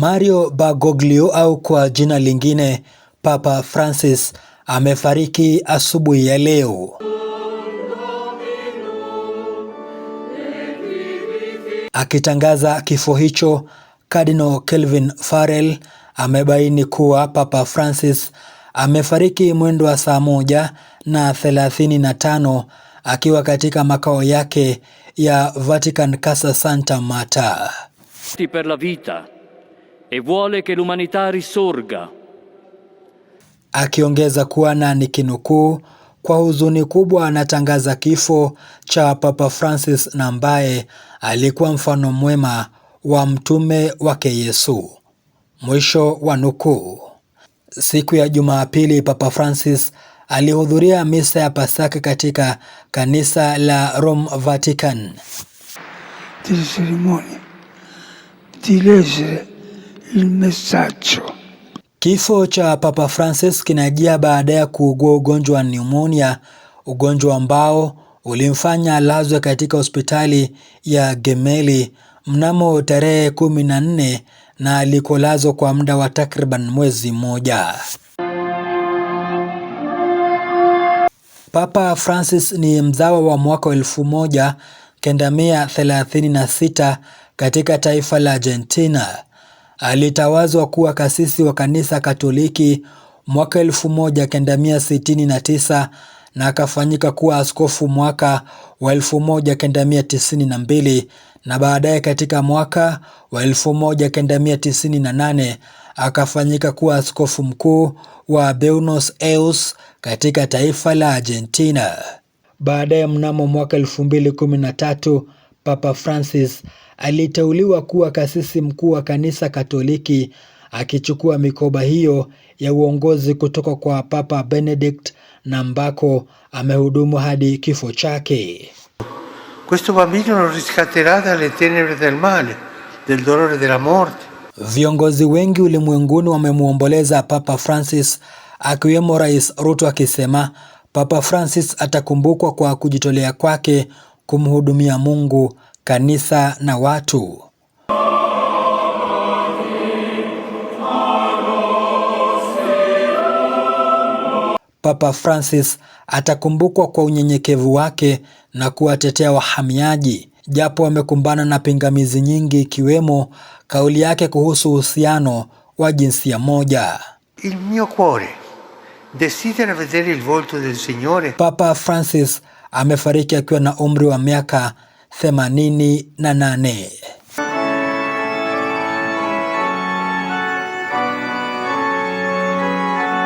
Mario Bagoglio au kwa jina lingine Papa Francis amefariki asubuhi ya leo. Akitangaza kifo hicho, Cardinal Kelvin Farrell amebaini kuwa Papa Francis amefariki mwendo wa saa moja na 35 akiwa katika makao yake ya Vatican Casa Santa Marta. per la vita e vuole che l'umanità risorga. Akiongeza kuwa na nikinukuu, kwa huzuni kubwa anatangaza kifo cha Papa Francis na ambaye alikuwa mfano mwema wa mtume wake Yesu. Mwisho wa nukuu. Siku ya Jumapili, Papa Francis alihudhuria misa ya Pasaka katika kanisa la Rome Vatican. Tisirimoni. cerimonie il messaggio. Kifo cha Papa Francis kinajia baada ya kuugua ugonjwa wa pneumonia, ugonjwa ambao ulimfanya alazwe katika hospitali ya Gemelli mnamo tarehe 14 na na alikolazwa kwa muda wa takriban mwezi mmoja. Papa Francis ni mzawa wa mwaka elfu sita katika taifa la Argentina. Alitawazwa kuwa kasisi wa kanisa Katoliki mwaka 1969 na akafanyika kuwa askofu mwaka wa 1992 na baadaye katika mwaka wa 1998 akafanyika kuwa askofu mkuu wa Buenos Aires katika taifa la Argentina. Baadaye mnamo mwaka 2013 Papa Francis aliteuliwa kuwa kasisi mkuu wa kanisa Katoliki akichukua mikoba hiyo ya uongozi kutoka kwa Papa Benedict na ambako amehudumu hadi kifo chake. Questo bambino lo riscatterà dalle tenebre del male, del dolore della morte. Viongozi wengi ulimwenguni wamemwomboleza Papa Francis akiwemo Rais Ruto akisema Papa Francis atakumbukwa kwa kujitolea kwake kumhudumia Mungu kanisa na watu. Papa Francis atakumbukwa kwa unyenyekevu wake na kuwatetea wahamiaji, japo wamekumbana na pingamizi nyingi, ikiwemo kauli yake kuhusu uhusiano wa jinsia moja. Il mio cuore desidera vedere il volto del Signore. Papa Francis amefariki akiwa na umri wa miaka themanini na nane.